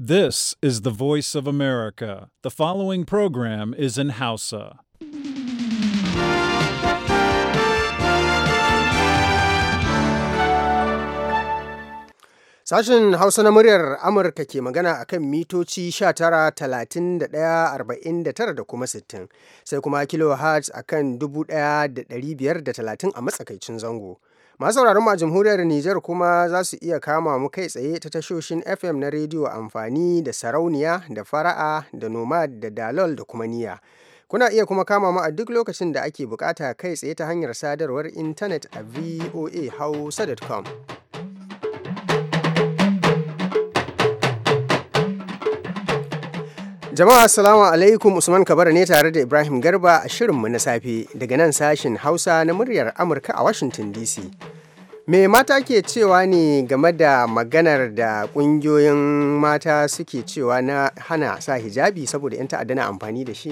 This is the voice of America. The following program is in Hausa. Sashen Hausa na muryar Amurka ke magana a kan mitoci 19,31,49 da kuma 60, sai kuma kilohertz a kan 1,530 a matsakaicin zango. Masu sauraron ma a jamhuriyar Nijar kuma za su iya kama mu kai tsaye ta tashoshin FM na rediyo amfani da sarauniya da fara'a da nomad da dalol da kuma niya. Kuna iya kuma kama mu a duk lokacin da ake bukata kai tsaye ta hanyar sadarwar intanet a voahausa.com. Jama'a Salamu alaikum Usman Kabara ne tare da Ibrahim Garba a shirinmu na safe daga nan sashin Hausa na muryar Amurka a Washington DC. Me mata ke cewa ne game da maganar da ƙungiyoyin mata suke cewa na hana sa hijabi saboda 'yan ta'adda na amfani da shi?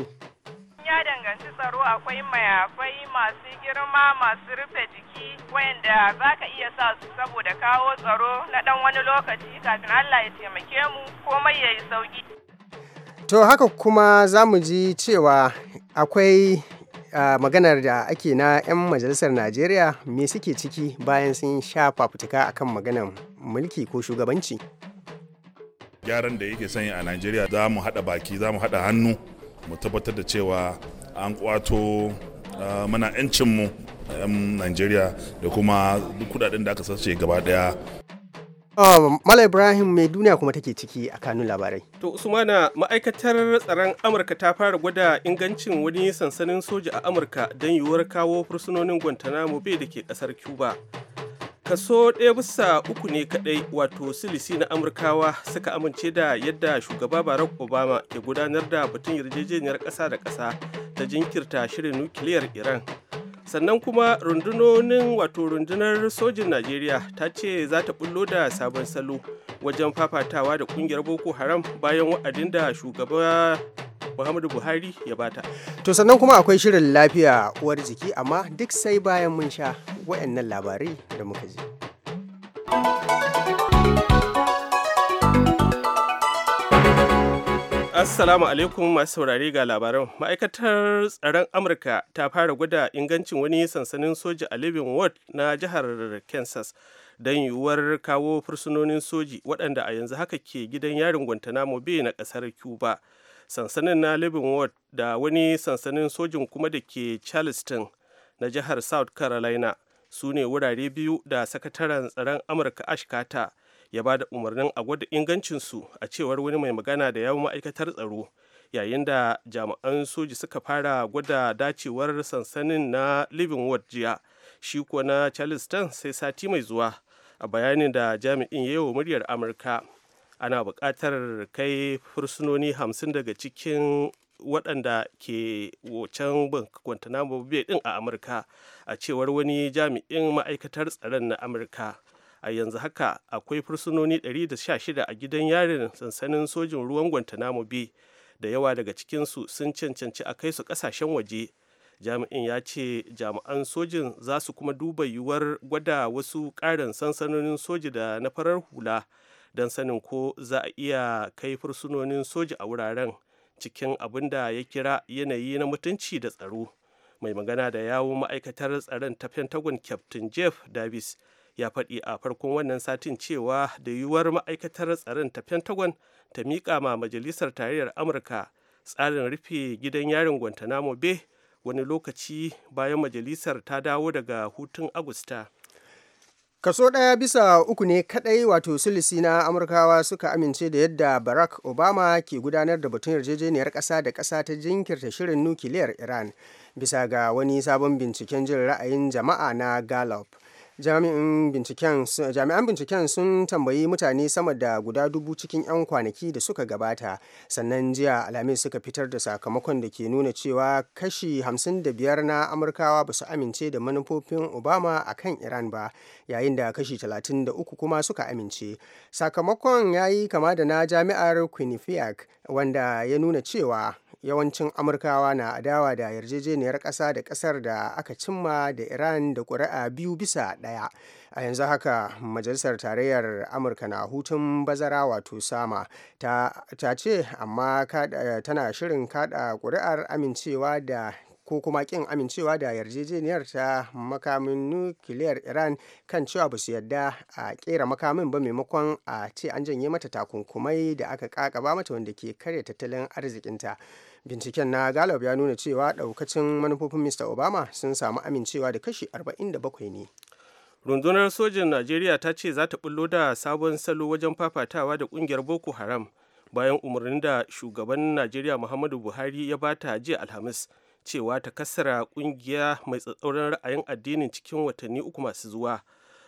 Ya danganci tsaro akwai mayafai masu girma masu rufe jiki wayanda za ka iya sa su saboda kawo tsaro na ɗan wani lokaci kafin Allah ya taimake mu komai ya yi sauki. To haka kuma za mu ji cewa akwai Uh, maganar da ake na 'yan majalisar najeriya me suke ciki bayan sun sha fafutuka kan maganar mulki ko shugabanci gyaran da yake sanya a najeriya za mu haɗa baki za mu haɗa hannu mu tabbatar da cewa an kwato uh, mana 'yancinmu 'yan najeriya da kuma kudaden da aka sace gaba ɗaya. Um, Mala Ibrahim mai duniya kuma take ciki a kanun labarai. To Usmana ma'aikatar tsaron Amurka ta fara gwada ingancin wani sansanin soja a Amurka don yiwuwar kawo fursunonin Guantanamo bai da ke kasar Cuba. Kaso ɗaya bisa uku ne kaɗai wato silisi na Amurkawa suka amince da yadda shugaba Barack Obama ke gudanar da batun yarjejeniyar ƙasa da ƙasa ta jinkirta shirin nukiliyar Iran. sannan kuma rundunonin wato rundunar sojin najeriya ta ce za ta bullo da sabon salo wajen fafatawa da kungiyar boko haram bayan wa'adin da shugaba muhammadu buhari ya bata to sannan kuma akwai shirin lafiya uwar jiki amma duk sai bayan mun sha wa'annan labarai da muka ji. Assalamu alaikum masu saurari ga labaran. Ma'aikatar tsaron Amurka ta fara gwada ingancin wani sansanin soja a Living World na jihar Kansas don yiwuwar kawo fursunonin soji waɗanda a yanzu haka ke gidan yarin Guantanamo Bay na ƙasar Cuba. Sansanin na Living World, da wani sansanin sojin kuma da ke Charleston na jihar South Carolina su ne wurare biyu da sakataren tsaron Amurka Ash ya ba da umarnin a gwada ingancinsu a cewar wani mai magana da yawon ma'aikatar tsaro yayin da jami'an soji suka fara gwada dacewar sansanin na living ward jiya shi kuwa na charleston sai sati mai zuwa a bayanin da jami'in yawon muryar amurka ana buƙatar kai fursunoni hamsin daga cikin waɗanda ke wacan guantanamo bay din a amurka a cewar wani jami'in ma'aikatar tsaron na amurka a yanzu haka akwai fursunoni 116 a gidan yarin sansanin sojin ruwan guantanamo bay da yawa daga cikinsu sun cancanci a kai su kasashen waje jami'in ya ce jami'an sojin za su kuma duba yiwuwar gwada wasu ƙarin sansanonin soji da na farar hula don sanin ko za a iya kai fursunonin soji a wuraren cikin abin da ya kira yanayi na mutunci da tsaro mai magana da yawun ma'aikatar tsaron ta pentagon captain jeff davis ya faɗi a farkon wannan satin cewa da yiwuwar ma'aikatar tsaron ta pentagon ta miƙa ma majalisar tarayyar amurka tsarin rufe gidan yarin guantanamo bay wani lokaci bayan majalisar ta dawo daga hutun agusta kaso ɗaya bisa uku ne kaɗai wato sulisi na amurkawa suka amince da yadda barack obama ke gudanar da batun yarjejeniyar ƙasa da ƙasa ta jinkirta shirin nukiliyar iran bisa ga wani sabon binciken jin ra'ayin jama'a na gallup jami'an binciken sun tambayi mutane sama da guda dubu cikin 'yan kwanaki da suka gabata sannan jiya alhamis suka fitar da sakamakon da ke nuna cewa kashi 55 na amurkawa ba su amince da manufofin obama a kan iran ba yayin da kashi 33 kuma suka amince sakamakon ya yi kama da na jami'ar quinnipiac wanda ya nuna cewa yawancin amurkawa na adawa da yarjejeniyar ƙasa da ƙasar da aka cimma da iran da ƙuri'a biyu bisa ɗaya a yanzu haka majalisar tarayyar amurka na hutun bazara wato sama ta, ce amma tana shirin kada ƙuri'ar amincewa da ko kuma kin amincewa da yarjejeniyar ta makamin nukiliyar iran kan cewa ba su yarda a kera makamin ba maimakon a ce an janye mata takunkumai da aka kakaba mata wanda ke karya tattalin arzikinta binciken na gallup ya nuna cewa daukacin manufofin mr obama sun samu amincewa da kashi 47 ne rundunar sojin najeriya ta ce za ta bullo da sabon salo wajen fafatawa da kungiyar boko haram bayan umarnin da shugaban najeriya muhammadu buhari ya bata jiya alhamis cewa ta kasara kungiya mai tsatsauran ra'ayin addinin cikin watanni uku masu zuwa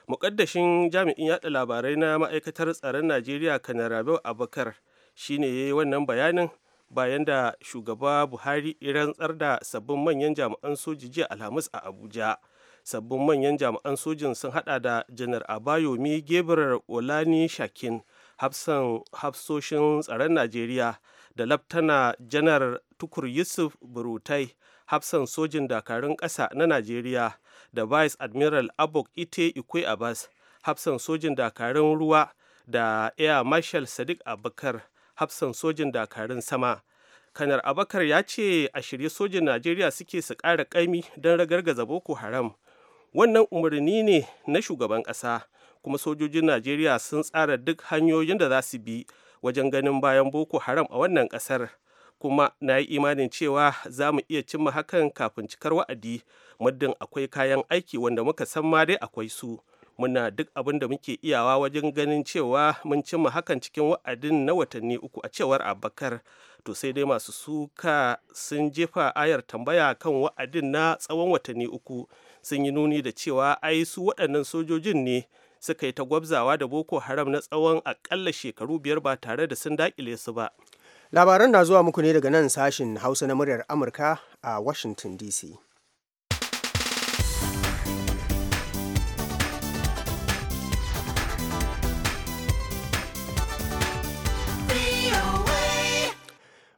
mukaddashin jami'in yada labarai na ma'aikatar tsaron najeriya kanar rabiu abakar shine ya yi wannan bayanin bayan da shugaba buhari rantsar da sabbin manyan jami'an soji jiya alhamis a abuja sabbin manyan jami'an sojin sun hada da janar abayomi gebrar olani shakin hafsoshin tsaron najeriya da laftana janar tukur yusuf burutai hafsan sojin dakarun ƙasa na najeriya da vice admiral abok ite ikwe abbas hafsan sojin dakarun ruwa da air marshal sadiq abakar hafsan sojin dakarun sama kanar abakar ya ce a shirye sojin najeriya suke su ƙara ƙaimi don ragargaza boko haram wannan umarni ne na shugaban ƙasa kuma sojojin najeriya sun tsara duk hanyoyin da za su bi wajen ganin bayan boko haram a wannan ƙasar kuma na yi imanin cewa za mu iya cimma hakan kafin cikar wa'adi muddin akwai kayan aiki wanda muka san ma dai akwai su muna duk abin da muke iyawa wajen ganin cewa mun cimma hakan cikin wa'adin na watanni uku a cewar abakar to sai dai masu suka sun jefa ayar tambaya kan wa'adin na tsawon watanni uku sun yi nuni da cewa ai su waɗannan sojojin ne suka yi ta gwabzawa da boko haram na tsawon akalla shekaru biyar ba tare da sun dakile su ba labaran na zuwa muku ne daga nan sashin hausa na muryar amurka a washington dc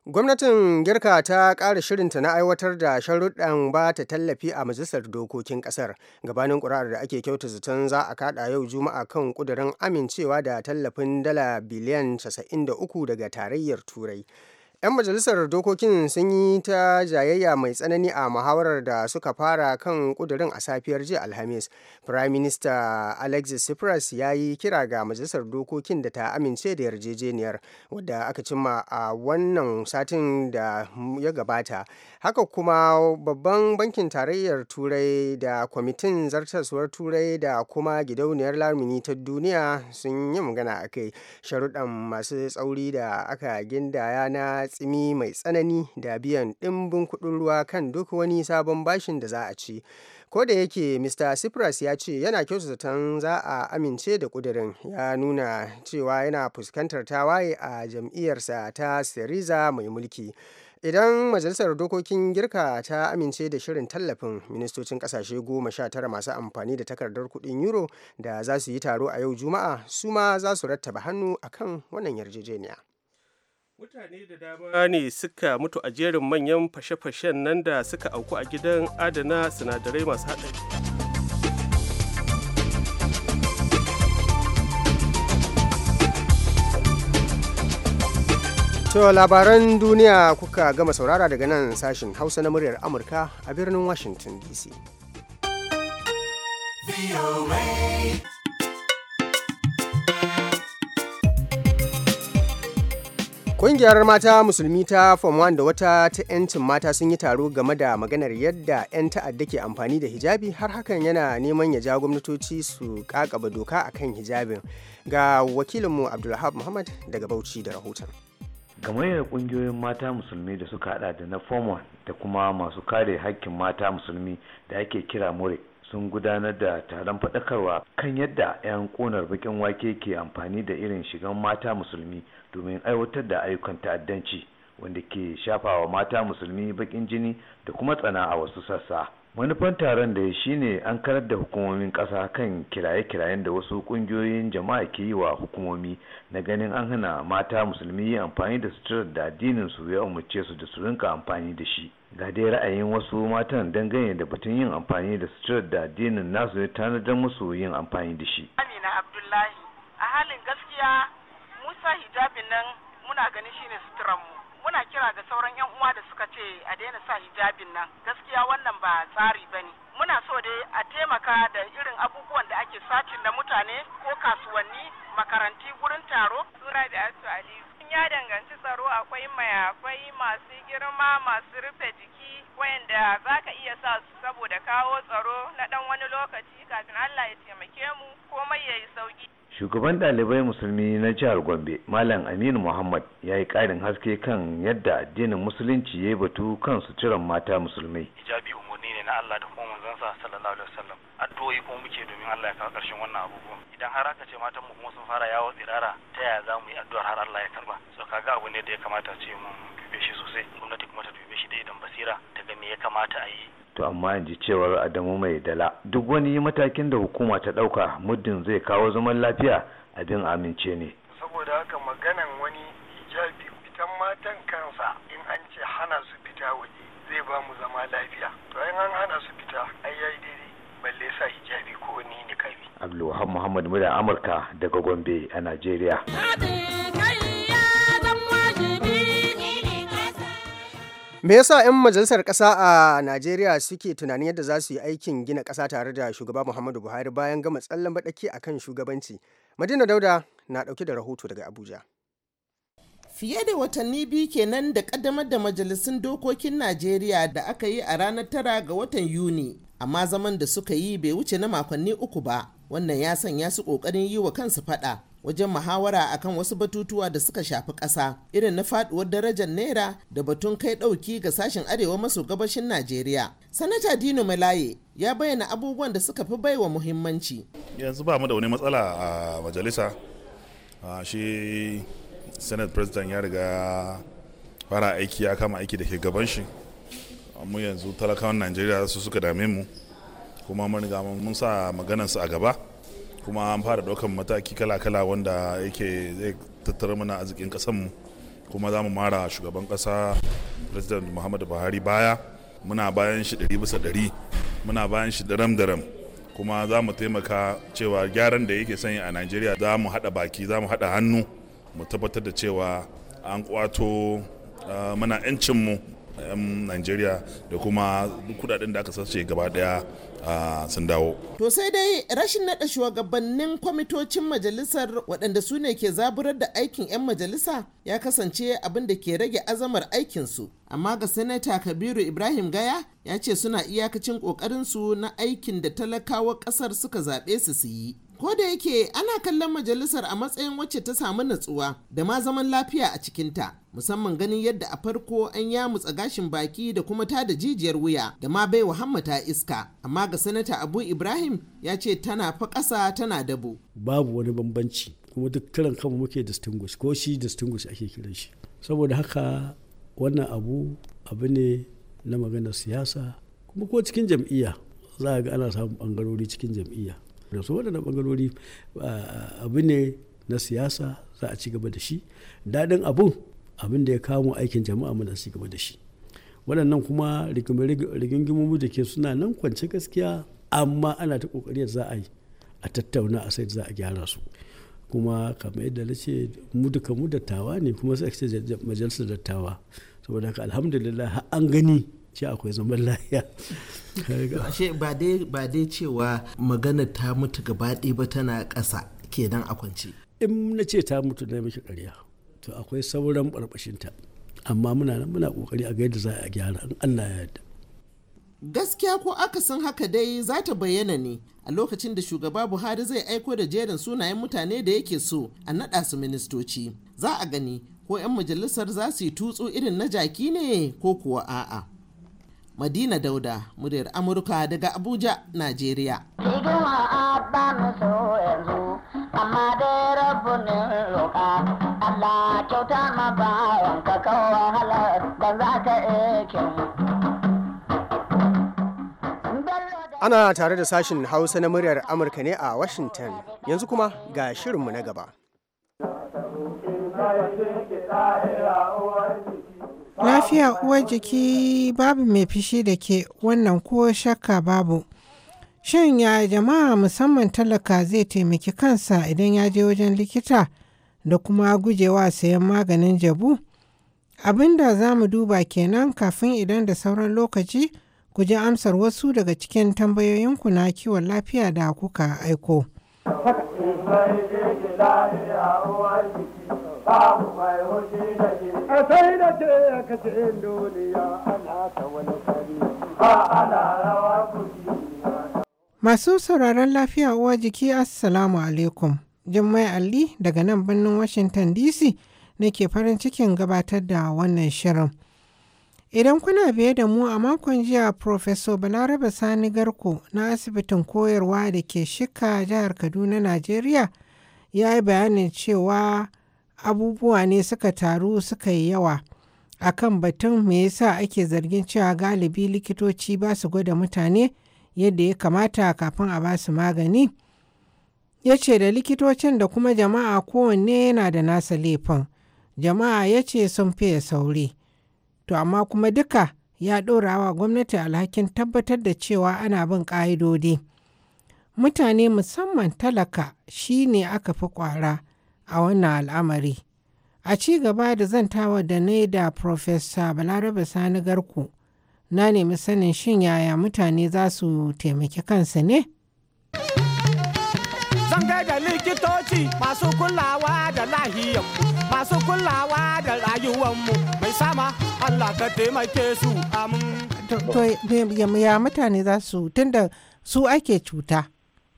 Gwamnatin Girka ta ƙara shirinta na aiwatar da sharuɗan ba ta tallafi a Majalisar Dokokin Ƙasar, gabanin ƙuri'ar da ake kyauta zaton za a kaɗa yau Juma'a kan ƙudurin amincewa da tallafin dala biliyan 93 daga Tarayyar Turai. 'Yan majalisar dokokin sun yi ta jayayya mai tsanani a muhawarar da suka fara kan kudurin a safiyar jiya Alhamis. Prime Minister Alexis Tsipras ya yi kira ga majalisar dokokin da ta amince da yarjejeniyar wadda aka cimma a wannan satin da ya gabata. Haka kuma babban bankin tarayyar Turai da kwamitin zartaswar Turai da kuma gidauniyar lamuni ta duniya sun yi magana akai sharuɗan masu tsauri da aka gindaya na tsimi mai tsanani da biyan ɗimbin kuɗin ruwa kan duk wani sabon bashin da za a ci ko da yake mr cyprus ya ce yana zaton za a amince da kudirin ya nuna cewa yana fuskantar tawaye a jam'iyyarsa ta syriza mai mulki idan majalisar dokokin girka ta amince da shirin tallafin ministocin kasashe goma sha tara masu amfani da takardar kudin euro da za su yi taro a yau juma'a su ma za su rattaba hannu akan wannan yarjejeniya mutane da dama ne suka mutu a jerin manyan fashe-fashen nan da suka auku a gidan adana sinadarai masu haɗari To labaran duniya kuka gama saurara daga nan sashin hausa na muryar amurka a birnin washington dc Ƙungiyar mata musulmi ta Form 1 da wata ta 'yancin mata sun yi taro game da maganar yadda 'yan ta'adda ke amfani da hijabi har hakan yana neman ya ja gwamnatoci su kakaba doka akan hijabin. Ga wakilinmu Abdulhab Muhammad daga Bauchi da rahoton. gamayyar kungiyoyin mata musulmi da suka hada da na form da kuma masu kare hakkin mata musulmi da ake kira more sun gudanar da taron faɗakarwa kan yadda 'yan ƙonar bakin wake ke amfani da irin shigan mata musulmi domin aiwatar da ayyukan ta'addanci wanda ke shafawa mata musulmi bakin jini da kuma tsana a wasu sassa. manufan taron da shine an karar da hukumomin ƙasa kan kiraye-kirayen da wasu ƙungiyoyin jama'a ke yi wa hukumomi na ganin an hana mata musulmi amfani da suturar da addinin su ya umarce su da su rinka amfani da shi ga dai ra'ayin wasu matan dangane da batun yin amfani da suturar da addinin nasu ya tanadar musu yin amfani da shi amina abdullahi a halin gaskiya musa hijabin nan muna ganin shine suturan mu muna kira ga sauran yan uwa da suka ce a daina sa hijabin nan gaskiya wannan ba tsari ba ne. muna so dai a taimaka da irin abubuwan da ake sacin da mutane ko kasuwanni makaranti gurin taro sura da aliyu ya danganci tsaro akwai mayafai masu girma masu rufe jiki wayanda za ka iya sa su saboda kawo tsaro na dan wani lokaci kafin Allah ya taimake mu komai ya yi sauki. Shugaban ɗalibai musulmi na jihar Gombe, Malam Aminu Muhammad ya yi ƙarin haske kan yadda addinin musulunci ya yi batu kan suturan mata musulmai. Hijabi umarni ne na Allah da kuma manzansa sallallahu alaihi wasallam. addu'o'i kuma muke domin Allah ya kawo ƙarshen wannan abubuwan idan har aka ce matan mu kuma sun fara yawo tsirara ta yaya za mu yi addu'ar har Allah ya karba so kaga abu ne da ya kamata ce mun dube shi sosai gwamnati kuma ta dube shi da idan basira ta ga me ya kamata a yi to amma in ji cewar Adamu mai dala duk wani matakin da hukuma ta ɗauka muddin zai kawo zaman lafiya abin amince ne saboda haka maganan Muhammad Muda Amurka daga Gombe a Najeriya. Me yasa 'yan majalisar ƙasa a Najeriya suke tunanin yadda za su yi aikin gina ƙasa tare da shugaba Muhammadu Buhari bayan gama tsallan baɗaki a kan shugabanci? Madina Dauda na ɗauke da rahoto daga Abuja. Fiye da watanni biyu kenan da ƙaddamar da majalisun dokokin Najeriya da aka yi a ranar tara ga watan Yuni. amma zaman da suka yi bai wuce na makonni uku ba wannan ya sanya su kokarin yi wa kansu fada wajen muhawara akan wasu batutuwa da suka shafi ƙasa irin na faduwar darajar naira da batun kai ɗauki ga sashen arewa maso gabashin najeriya sanata dino malaye ya bayyana abubuwan da suka fi baiwa muhimmanci yanzu ba mu da wani matsala a majalisa shi senate president ya riga fara aiki ya kama aiki da ke gaban shi mu yanzu talakawan najeriya su suka dame mu kuma mun mun sa su a gaba kuma an fara daukan mataki kala-kala wanda yake zai tattara mana arzikin mu kuma za mu mara shugaban kasa president muhammadu buhari baya muna bayan shi ɗari bisa ɗari muna bayan shi daram-daram kuma za mu taimaka cewa gyaran da yake sanya a najeriya za mu haɗa baki za mu haɗa hannu mu tabbatar da cewa an kwato ah, mana 'yancinmu 'yan Najeriya da kuma kudaden da aka sace gaba daya sun dawo. To sai dai rashin naɗa shugabannin kwamitocin majalisar waɗanda su ne ke zaburar da aikin 'yan majalisa ya kasance abin da ke rage azamar aikinsu. Amma ga Sanata Kabiru Ibrahim Gaya ya ce suna iyakacin ƙoƙarinsu na aikin da talakawa ƙasar suka zaɓe su su yi. Ko da yake ana kallon majalisar a matsayin wacce ta samu natsuwa da ma zaman lafiya a cikinta. Musamman ganin yadda a farko an ya mutsa gashin baki da kuma ta da jijiyar wuya da ma bai wa hammata iska. Amma ga sanata Abu Ibrahim ya ce tana fa ƙasa tana dabo. Babu wani bambanci kuma duk kiran kanmu muke distinguish ko shi distinguish ake kiran shi. Saboda haka wannan abu abu ne na maganar siyasa kuma ko cikin jam'iyya za a ga ana samun bangarori cikin jam'iyya da su waɗannan bangarori abu ne na siyasa za a ci gaba da shi daɗin abu abin da ya kamo aikin jama'a muna ci gaba da shi waɗannan kuma rigingimomi da ke suna nan kwance gaskiya amma ana ta ƙoƙari za a yi a tattauna a sai za a gyara su kuma kamar yadda na ce mu duka mu dattawa ne kuma sai a majalisar dattawa saboda haka alhamdulillah an gani ce akwai zaman lafiya ashe ba dai ba dai cewa magana ta mutu gaba ɗaya ba tana ƙasa kenan a kwance in na ce ta mutu na miki ƙarya to akwai sauran barbashinta amma muna nan muna ƙoƙari a ga yadda za a gyara in Allah ya yarda gaskiya ko akasin haka dai za ta bayyana ne a lokacin da shugaba buhari zai aiko da jerin sunayen mutane da yake so a naɗa su ministoci za a gani ko 'yan majalisar za su yi tutsu irin na jaki ne ko kuwa a'a Madina Dauda, muryar Amurka daga Abuja, Najeriya. amma dai rabunin roƙa Allah kyauta ma bawan ka kawo wahala da za ka Ana tare da sashin Hausa na muryar Amurka ne a Washington, yanzu kuma ga shirinmu na gaba. Lafiya uwar jiki babu mai fishi da ke wannan ko shakka babu. Shin ya jama'a musamman talaka zai taimaki kansa idan ya je wajen likita da kuma gujewa sayan maganin jabu? Abinda za mu duba kenan kafin idan da sauran lokaci ku ji amsar wasu daga cikin tambayoyinku na kiwon lafiya da kuka aiko. Masu sauraron lafiya uwa jiki Assalamu alaikum. Jummai Ali daga nan birnin Washington DC nake farin cikin gabatar da wannan shirin. Idan kuna biye da mu a makon jiya Professor Balarabe Sani Garko na asibitin koyarwa da ke shika jihar Kaduna, Najeriya ya yi bayanin cewa abubuwa ne suka taru suka yi yawa A kan batun me yasa ake zargin cewa galibi likitoci ba su gwada mutane yadda ya kamata kafin a ba su magani ya ce da likitocin da kuma jama'a kowanne yana da nasa laifin jama'a ya ce sun fiye sauri to amma kuma duka ya ɗora wa gwamnati alhakin tabbatar da cewa ana bin ƙa'idodi mutane musamman talaka shi ne aka fi ƙwara a wannan al'amari. A ci gaba da zantawa da ne da Profesa Balarabe Sani Garku, na nemi sanin shin yaya mutane za su taimaki kansu ne? Zan kai da likitoci masu kulawa da lahiyar masu kulawa da rayuwanmu mai sama Allah ka taimake su To ya mutane za su tunda su ake cuta,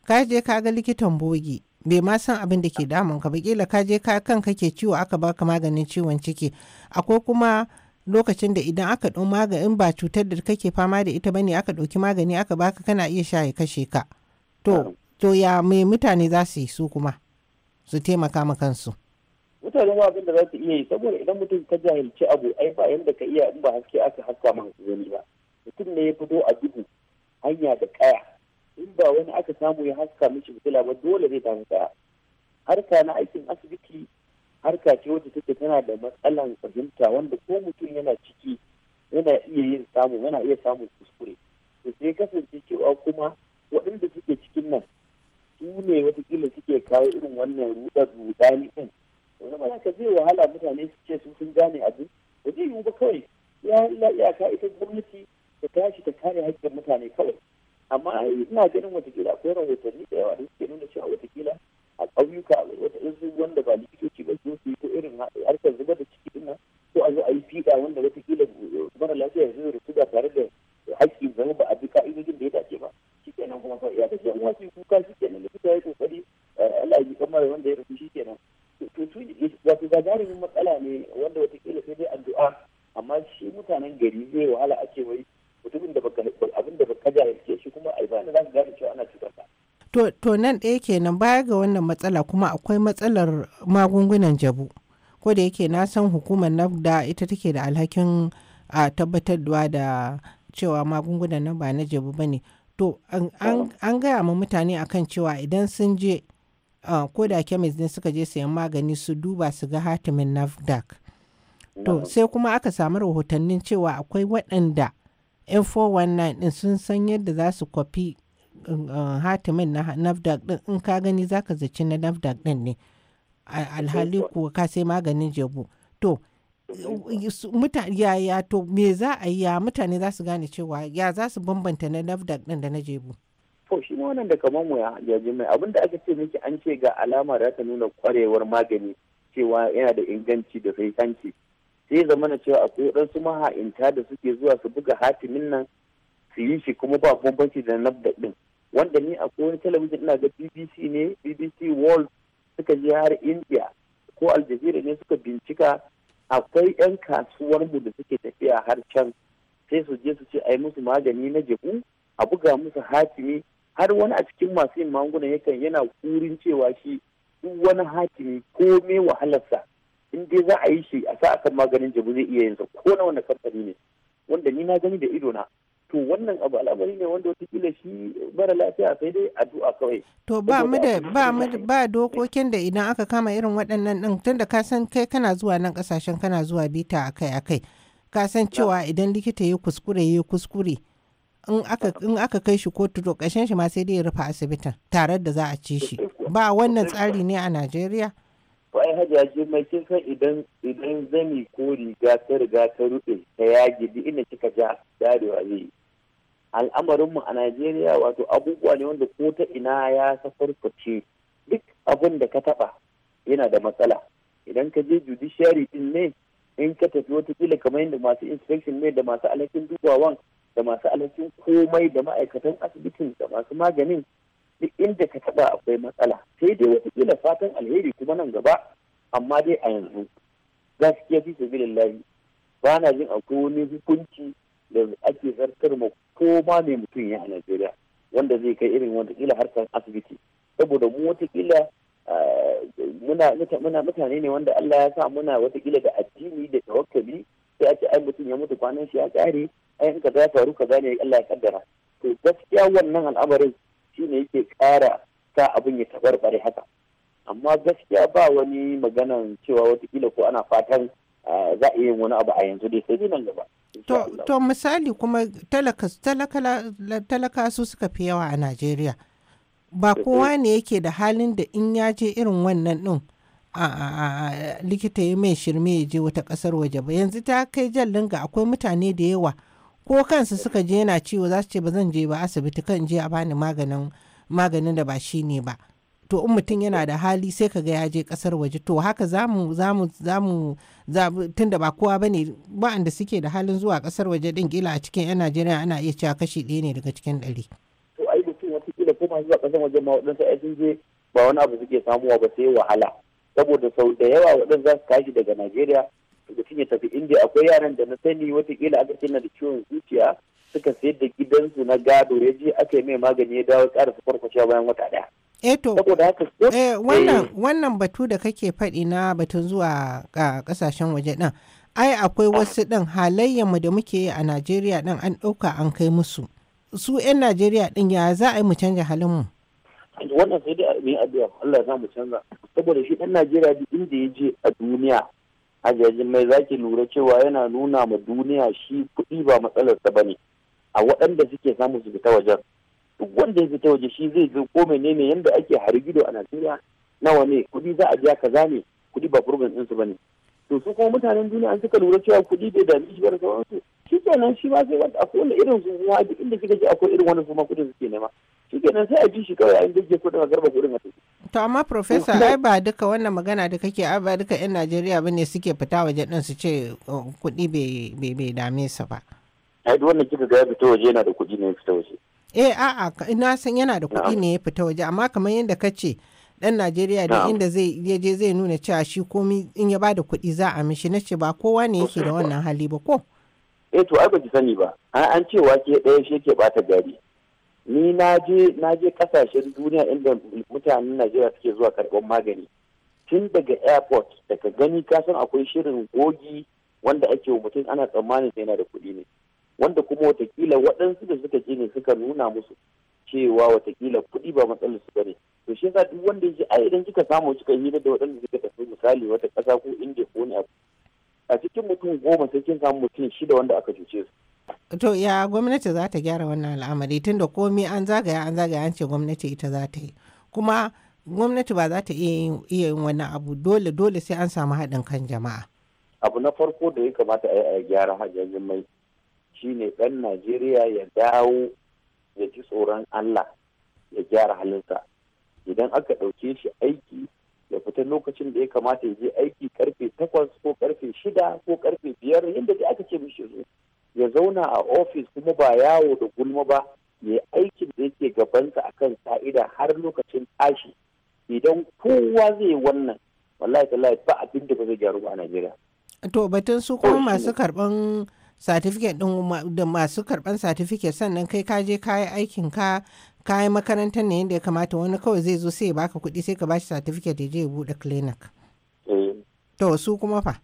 ka je ka ga likitan bogi. bai ma san abin da ke damun ka ba kila ka je ka kan kake ciwo aka baka maganin ciwon ciki akwai kuma lokacin da idan aka ɗau maganin ba cutar da kake fama da ita bane aka ɗauki magani aka baka kana iya sha ya kashe ka to to ya mai mutane za su yi su kuma su taimaka ma kansu mutane ma abin da za su iya yi saboda idan mutum ka jahilci abu ai ba yanda ka iya in ba haske aka haska ma wani ba mutum ne ya fito a duhu hanya da kaya in ba wani aka samu ya haska mishi fitila ba dole zai samu tsaya harka na aikin asibiti harka ce wacce take tana da matsalan fahimta wanda ko mutum yana ciki yana iya yin samu yana iya samun kuskure to sai kasance cewa kuma waɗanda suke cikin nan su ne watakila suke kawo irin wannan rudar rudani ɗin wani ba ka zai wahala mutane su ce su sun gane abin Ba zai yiwu ba kawai ya iyaka ita gwamnati ta tashi ta kare haƙƙin mutane kawai amma ina ganin watakila akwai rahotanni da yawa da suke nuna cewa watakila a ƙauyuka wata irin wanda ba likitoci ba su yi ko irin harkar zuba da ciki dinnan ko a zo a yi fiɗa wanda watakila eh, mara lafiya zai rasu da tare da haƙƙi zama ba a bi ka'idojin da ya dace ba shi kenan kuma fa iya kashe kuma su kuka shi kenan da yi kokari eh, Allah ya ji kamar wanda ya rasu shi kenan to su wato gagarumin matsala ne wanda watakila sai dai addu'a amma shi mutanen gari zai wahala a ce wai to nan ɗaya kenan baya ga wannan matsala kuma akwai matsalar magungunan jabu ko da yake na san hukumar nafda ita take da alhakin a tabbatarwa da cewa magungunan nan ba na jabu ba ne to an gaya ma mutane akan cewa idan sun je ko da chemist ne suka je sayan magani su duba su ga hatimin nafdac to sai kuma aka samu rahotannin cewa akwai waɗanda 419 ɗin sun san yadda za su kwafi Eh, hatimin na nafdak din in ka gani zaka zaci na nafdak din ne alhali kuwa ka sai maganin jebu to yaya to me za a yi ya mutane za su gane cewa ya za su bambanta na nafdak din da na jebu to shi ne wannan da kamar mu ya jaji mai abinda aka ce miki an ce ga alamar da ta nuna kwarewar magani cewa yana da inganci da kanki sai zama na cewa akwai waɗansu maha'inta da suke zuwa su buga hatimin nan su yi shi kuma ba bambanci da nafdak din wanda ni a wani talabijin ina ga bbc ne bbc world suka je har india ko aljazeera ne suka bincika akwai 'yan kasuwar mu da suke tafiya har can sai su je su ce ai musu magani na jebu a buga musu hatimi har wani a cikin masu yin magungunan yakan yana kurin cewa shi duk wani hatimi ko me wahalarsa in dai za a yi shi a sa akan maganin jebu zai iya yin sa ko na wani kamfani ne wanda ni na gani da ido na to wannan abu al'amari ne wanda shi mara lafiya sai dai addu'a kawai to ba mu da ba mu ba dokokin da idan aka kama irin waɗannan ɗin, tunda ka san kai kana zuwa nan kasashen kana zuwa bita akai akai ka san cewa idan likita ya kuskure ya kuskure in aka kai shi kotu to ƙarshen shi ma sai dai ya rufe asibitin tare da za a ci shi ba wannan tsari ne a Najeriya ai ji mai kin san idan idan zani ko riga ta riga ta rufe ta yage duk inda kika ja darewa zai al'amarinmu a najeriya wato abubuwa ne wanda ko ta ina ya safarkace duk abin da ka taɓa yana da matsala idan ka je judiciary din ne in ka tafi watakila kamar yadda masu inspection ne da masu alhakin dubawan da masu alhakin komai da ma'aikatan asibitin da masu maganin duk inda ka taɓa akwai matsala sai dai watakila fatan alheri kuma nan gaba amma dai a yanzu gaskiya fi sabilillahi ba na jin akwai wani hukunci da ake zartar mu ko ma ne mutum ya a Najeriya wanda zai kai irin watakila harkar asibiti saboda mu watakila eh, muna mutane ne wanda Allah ya sa muna watakila da addini da tawakkali sai a ce ai mutum ya mutu kwanan shi ya kare ai in kaza ya faru kaza ne Allah ya kaddara to gaskiya wannan al'amarin shine yake kara sa abin ya tabarbare haka amma gaskiya ba wani maganan cewa watakila ko ana fatan eh, za a yi wani abu a yanzu dai sai nan gaba To, misali kuma talaka su suka fi yawa a Najeriya. Ba eh, kowa eh. ne yake da halin da in ya je irin wannan ɗin a likita ya mai shirme ya je wata ƙasar waje ba. Yanzu ta kai jan linga akwai mutane da yawa ko kansu suka je yana ciwo za su ce ba zan je ba asibiti kan je a bani maganin da ba shi ne ba. to in mutum yana da hali sai ka ga ya je kasar waje to haka zamu zamu zamu tunda ba kowa bane ba'anda suke da halin zuwa kasar waje din kila a cikin yan Najeriya ana iya cewa kashi ɗaya ne daga cikin ɗari. to ai mutum wata kila ko masu zuwa kasar waje ma waɗansu ai sun je ba wani abu suke samuwa ba sai wahala saboda sau da yawa waɗansu za su tashi daga Najeriya mutum ya tafi indiya akwai yaran da na sani watakila aka ce na da ciwon zuciya suka sayar da gidansu na gado ya je aka yi mai magani ya dawo ƙara su farfashe bayan wata ɗaya eto eh, eh, wannan eh. wannan batu da kake faɗi na batun zuwa ga kasashen waje ɗin ai akwai wasu ɗin mu da muke yi a najeriya ɗin an ɗauka an kai musu su 'yan najeriya ɗin ya za a yi mu canja halinmu wannan sai dai abin addu'a Allah ya mu canza saboda shi ɗan najeriya duk inda ya je a duniya a jajin mai zaki lura cewa yana nuna ma duniya shi kuɗi ba matsalarsa ba ne a waɗanda suke samu su fita wajen duk wanda ya fita waje shi zai zo ko menene yanda ake harigido a Najeriya nawa ne kuɗi za a biya kaza ne kuɗi ba problem ɗinsu ba ne to su kuma mutanen duniya an suka lura cewa kuɗi bai dami shi bar sauran su shi kenan shi ma sai wanda akwai wanda irin su kuma duk inda kika ji akwai irin wani kuma kuɗin suke nema shi kenan sai a ji shi kawai an jirgin kuɗin a garba kuɗin a to amma professor ai ba duka wannan magana da kake ai ba duka yan Najeriya bane suke fita waje din su ce uh, kuɗi bai bai dame su ba ai duk wanda kika ga ya fita waje yana da kuɗi ne ya fita waje eh a'a ina san yana da kuɗi ne ya fita waje amma kamar yadda ka ce ɗan Najeriya da inda zai je zai nuna cewa shi komi in ya bada kuɗi za a mishi na ce ba kowa ne yake da wannan hali ba ko. Eh to ai ba ki sani ba an ce wake ɗaya shi yake bata gari. Ni na je na je kasashen duniya inda mutanen Najeriya suke zuwa karɓar magani. Tun daga airport daga gani ka san akwai shirin gogi wanda ake wa mutum ana tsammanin sai yana da kuɗi ne. wanda kuma watakila waɗansu da suka je ne suka nuna musu cewa watakila kuɗi ba matsalar su bane to shi yasa duk wanda yake a idan kika samu kika hira da waɗanda suka tafi misali wata ƙasa ko indiya ko wani abu a cikin mutum goma sai kin samu mutum shida wanda aka cuce su. to ya gwamnati za ta gyara wannan al'amari tun da komi an zagaya an zagaya an ce gwamnati ita za ta yi kuma gwamnati ba za ta iya yin wani abu dole dole sai an samu haɗin kan jama'a. abu na farko da ya kamata a yi a gyara hajjajin mai shine ɗan najeriya ya dawo ya ji tsoron allah ya gyara halinsa idan aka ɗauke shi aiki ya fita lokacin da ya kamata ya je aiki karfe takwas ko karfe shida ko karfe biyar yadda da aka ce mishi zo ya zauna a ofis kuma ba yawo da gulma ba ya aikin da yake gabansa akan sa'ida har lokacin tashi idan kowa zai wannan wallahi ta ba abin da ba zai gyaru ba a Najeriya. To batun su kuma masu karban satifiket ɗin da masu karban satifiket sannan kai ka je kayi aikin ka yi makarantar ne yadda ya kamata wani kawai zai zo sai ya baka kuɗi sai ka bashi satifiket ya je ya buɗe clinic. Eh. To su kuma fa?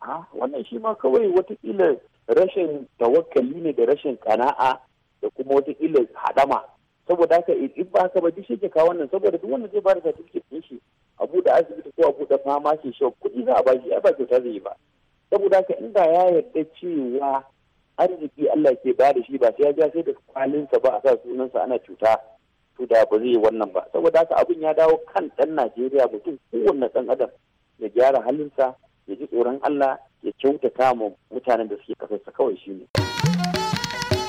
Ha wannan shi ma kawai watakila rashin tawakkali ne da rashin kana'a da kuma watakila hadama saboda haka in ba ka ba duk shi ke kawo wannan saboda duk wanda zai bada satifiket ɗin shi a buɗe asibiti ko a buɗe fama shi kuɗi za a bashi ai ba kyauta zai yi ba. saboda ka inda ya yarda cewa arziki Allah ke ba da shi ba sai ya ja sai da kwalinsa ba a sa sunansa ana cuta to da ba zai wannan ba saboda haka abin ya dawo kan dan Najeriya mutum kowanne dan adam ya gyara halinsa ya ji tsoron Allah ya kyautata wa mutanen da suke kasarsa kawai shi ne.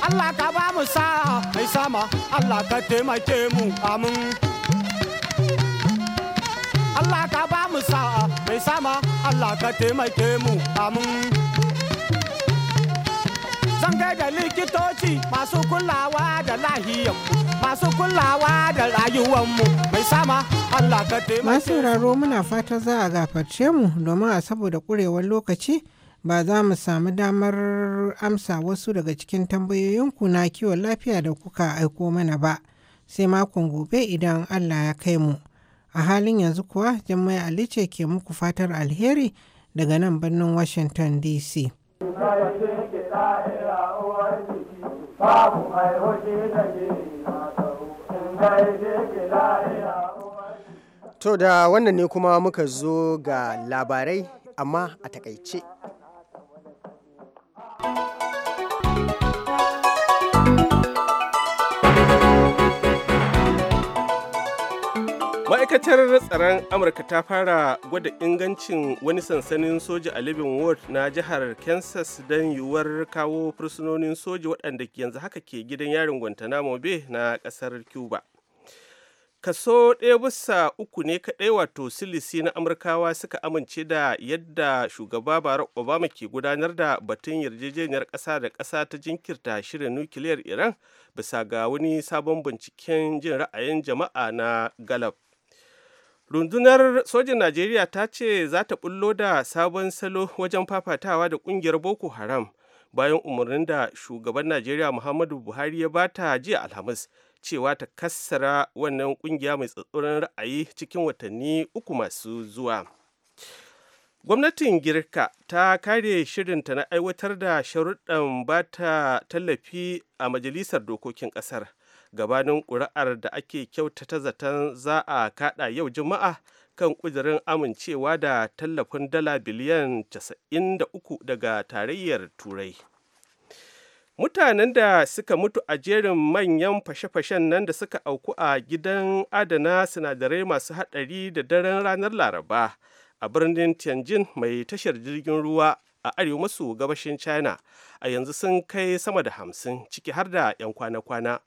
Allah ka ba mu sa'a mai sama Allah ka taimake mu amin. Allah ka ba mu sa'a mai sama Allah ka taimake mu amin zan da likitoci masu kulawa da lahiyar masu kulawa da rayuwanmu mai sama Allah ka taimake masu raro muna fata za a gafarce mu domin a saboda kurewar lokaci ba za mu samu damar amsa wasu daga cikin tambayoyinku na kiwon lafiya da kuka aiko mana ba sai makon gobe idan Allah ya kai mu. A halin yanzu kuwa Jummai alice ke muku fatar alheri daga nan birnin Washington DC. To da wannan ne kuma muka zo ga labarai amma a takaice. ma'aikatar tsaron amurka ta fara gwada ingancin wani sansanin soja a living world na jihar kansas don yiwuwar kawo fursunonin soja waɗanda yanzu haka ke gidan yarin guantanamo bay na ƙasar cuba kaso ɗaya bisa uku ne kaɗai wato silisi na amurkawa suka amince da yadda shugaba barack obama ke gudanar da batun yarjejeniyar ƙasa da ƙasa ta jinkirta shirin nukiliyar iran bisa ga wani sabon binciken jin ra'ayin jama'a na galab rundunar sojin najeriya ta ce za ta bullo da sabon salo wajen fafatawa da kungiyar boko haram bayan umarnin da shugaban najeriya muhammadu buhari ya bata jiya alhamis cewa ta kassara wannan kungiya mai tsatsuran ra'ayi cikin watanni uku masu zuwa gwamnatin girka ta kare shirinta na aiwatar da sharuɗan ba ta tallafi a majalisar dokokin ƙasar gabanin ƙuri'ar da ake kyautata zaton za a kada yau juma'a kan ƙudurin amincewa da tallafin dala biliyan 93 daga tarayyar turai mutanen da suka mutu a jerin manyan fashe-fashen nan da suka auku a gidan adana sinadarai masu haɗari da daren ranar laraba a birnin tianjin mai tashar jirgin ruwa a arewa maso gabashin china a yanzu sun kai sama da hamsin ciki har da 'yan kwana-kwana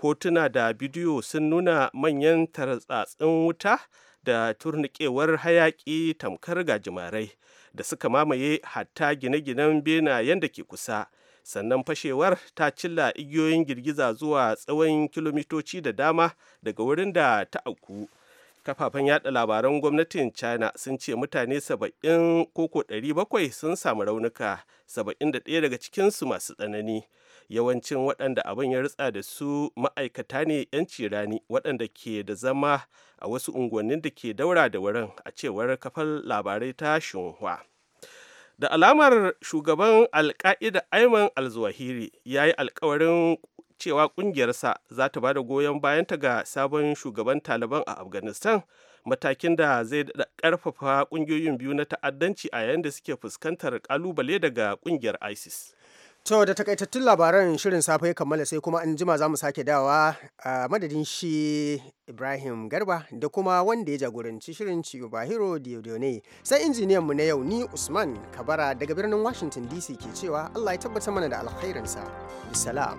hotuna da bidiyo sun nuna manyan tartsatsin wuta da turnikewar hayaki tamkar gajimarai da suka mamaye hatta gine-ginen benayen da ke kusa sannan fashewar ta cilla igiyoyin girgiza zuwa tsawon kilomitoci da dama daga wurin da ta auku kafafen yada labaran gwamnatin china sun ce mutane 70 koko 700 sun samu raunuka 71 daga cikinsu masu tsanani yawancin waɗanda abin ya ritsa da su ma'aikata ne yan cirani waɗanda ke da zama a wasu unguwannin da ke daura da wurin a cewar kafar labarai ta shunhwa da alamar shugaban alka'ida aiman alzawahiri ya yi alkawarin cewa kungiyarsa za ta ba da goyon bayanta ga sabon shugaban taliban a afghanistan matakin da zai daɗa ƙarfafa ƙungiyoyin biyu na ta'addanci a yayin da suke fuskantar ƙalubale daga ƙungiyar isis To da takaitattun labaran shirin safe ya kammala sai kuma an jima za mu sake dawa a madadin shi Ibrahim Garba da kuma wanda ya jagoranci shirin Ciyobahiro Diodone. Sai injiniyan mu na yau ni Usman Kabara daga birnin Washington DC ke cewa Allah ya tabbatar mana da alkhairinsa. Bisalam.